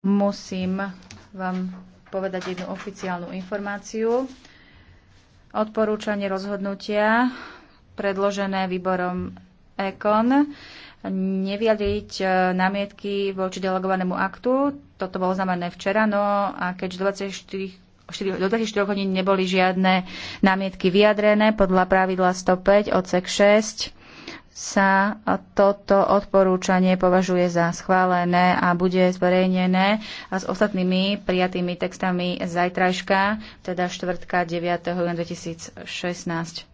Musím vám povedať jednu oficiálnu informáciu. Odporúčanie rozhodnutia predložené výborom EKON nevyjadriť e, námietky voči delegovanému aktu. Toto bolo znamené včera, no a keďže 24 do 24 hodín neboli žiadne námietky vyjadrené podľa pravidla 105 odsek 6 sa toto odporúčanie považuje za schválené a bude zverejnené a s ostatnými prijatými textami zajtrajška, teda štvrtka 9. júna 2016.